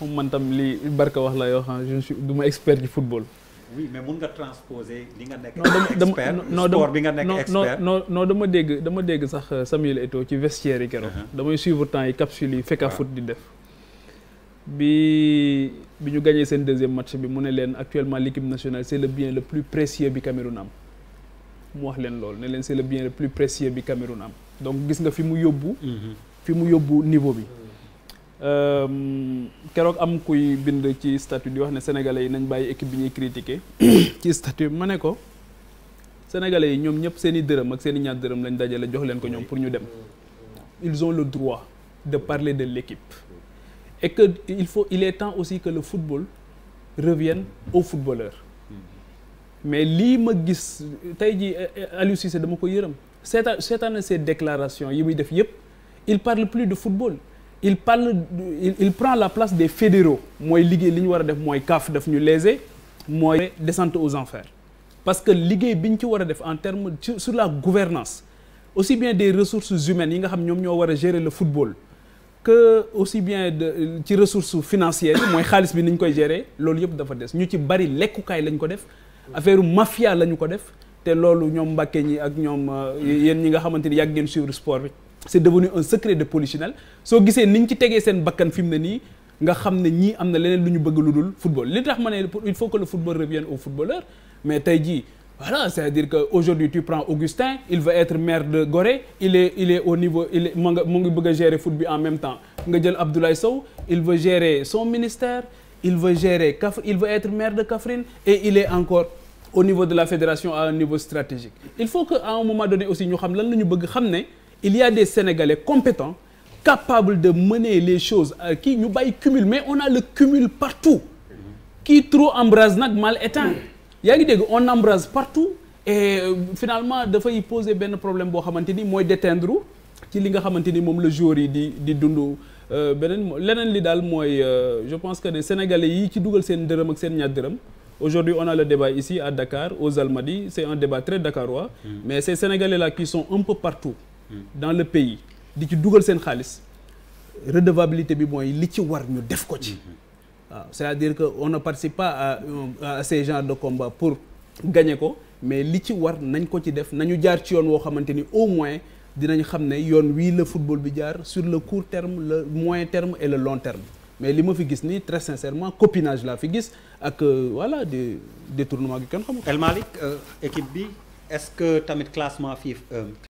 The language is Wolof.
comme man tam li Barka wax la yoo xam je suis du expert ci football. oui mais mun nga transposer li nga nekk. expert sport bi nga nekk expert non dama dégg dama dégg sax Samuel Eto'o ci vestiaire yi keroog. Uh-huh. damay suivre temps yi capsule yi fekk a foot di def. bi bi ñu gagné seen deuxième match bi mu ne leen actuellement l'équipe nationale c'est le bien le plus précieux bi Cameroun am mu wax loolu ne leen c'est le bien le plus bi Cameroun am donc gis nga fi mu yóbbu. Mm-hmm. fi mu yóbbu niveau bi. Euh, keroog am kuy bind ci statut di wax ne sénégalais yi nañ bàyyi équipe bi ñuy critiquer ci statut ma ne ko sénégalais yi ñoom ñëpp seen i dërëm ak seen i ñaar dërëm lañ dajale jox leen ko ñoom pour ñu dem ils ont le droit de parler de l'équipe et que il faut il est temps aussi que le football revienne au footballeurs mais lii ma gis tey jii euh, euh, Aliou Cissé dama ko yërëm seetaan seetaan na ces déclarations yi muy def yëpp il parle plus de football il parle il, il prend la place des fédéraux mooy liggéey li ñu war a def mooy CAF daf ñu léser mooy descente aux enfers parce que liggéey bi ñu ci war a def en terme sur la gouvernance aussi bien des ressources humaines yi nga xam ñoom ñoo war a gérer le football que aussi bien de ci ressources financières yi mooy xaalis bi ni ñu koy gérer loolu yëpp dafa des ñu ci bari lekkukaay lañ ko def affaire mafia la ñu ko def te loolu ñoom Mbàkke ñi ak ñoom euh, yéen ñi nga xamante ni yàgg ngeen suivre sport bi c'est devenu un secret de polichinelle soo gisee niñ ci tegee seen bakkan fi mu ne nii nga xam ne ñii am na leneen lu ñu bëgg lu dul football li tax ma ne il faut que le football revienne au footballeur mais tey jii voilà c'est-à-dire que aujourd'hui tu prends Augustin il va être maire de Gorée il est il est au niveau il nga mu ngi bëgg a gérer bi en même temps nga jël Abdoulaye Sow il veut gérer son ministère il veut gérer Kaf il veut être maire de Kaffrine et il est encore au niveau de la fédération à un niveau il faut que à un moment aussi ñu xam lan la ñu bëgg xam ne il y a des Sénégalais compétents capables de mener les choses kii euh, ñu bay cumul mais on a le cumul partout qui trop embrase nag mal éteint yaa ngi dégg on embrase partout et euh, finalement dafay poser benn problème boo xamante ni mooy déteindre ci li nga xamante ni moom la joueur yi di di dund euh, beneen leneen li daal mooy je pense que des Sénégalais yi ci dugal seen dërëm ak seen ñaar dërëm aujourd'hui on a le débat ici à Dakar aux Almadies c'est un débat très dakarois mm. mais ces Sénégalais là un peu partout dans le pays di ci dugal seen xaalis redevabilité bi mooy li ci war ñu def ko ci mhm. waaw c'est-à-dire que on ne participe pas à, à ces de combat pour gagner ko mais li ci war nañ ko ci def nañu jaar ci yoon woo xamante ni au moins dinañ xam ne yoon wii la football bi jaar sur le court terme le moyen terme et le long terme mais li ma fi gis nii très sincèrement copinage laa fi gis ak euh, voilà des détournements gi kenn xamul El Malick euh, équipe bi est-ce que tamit classement FIFA euh,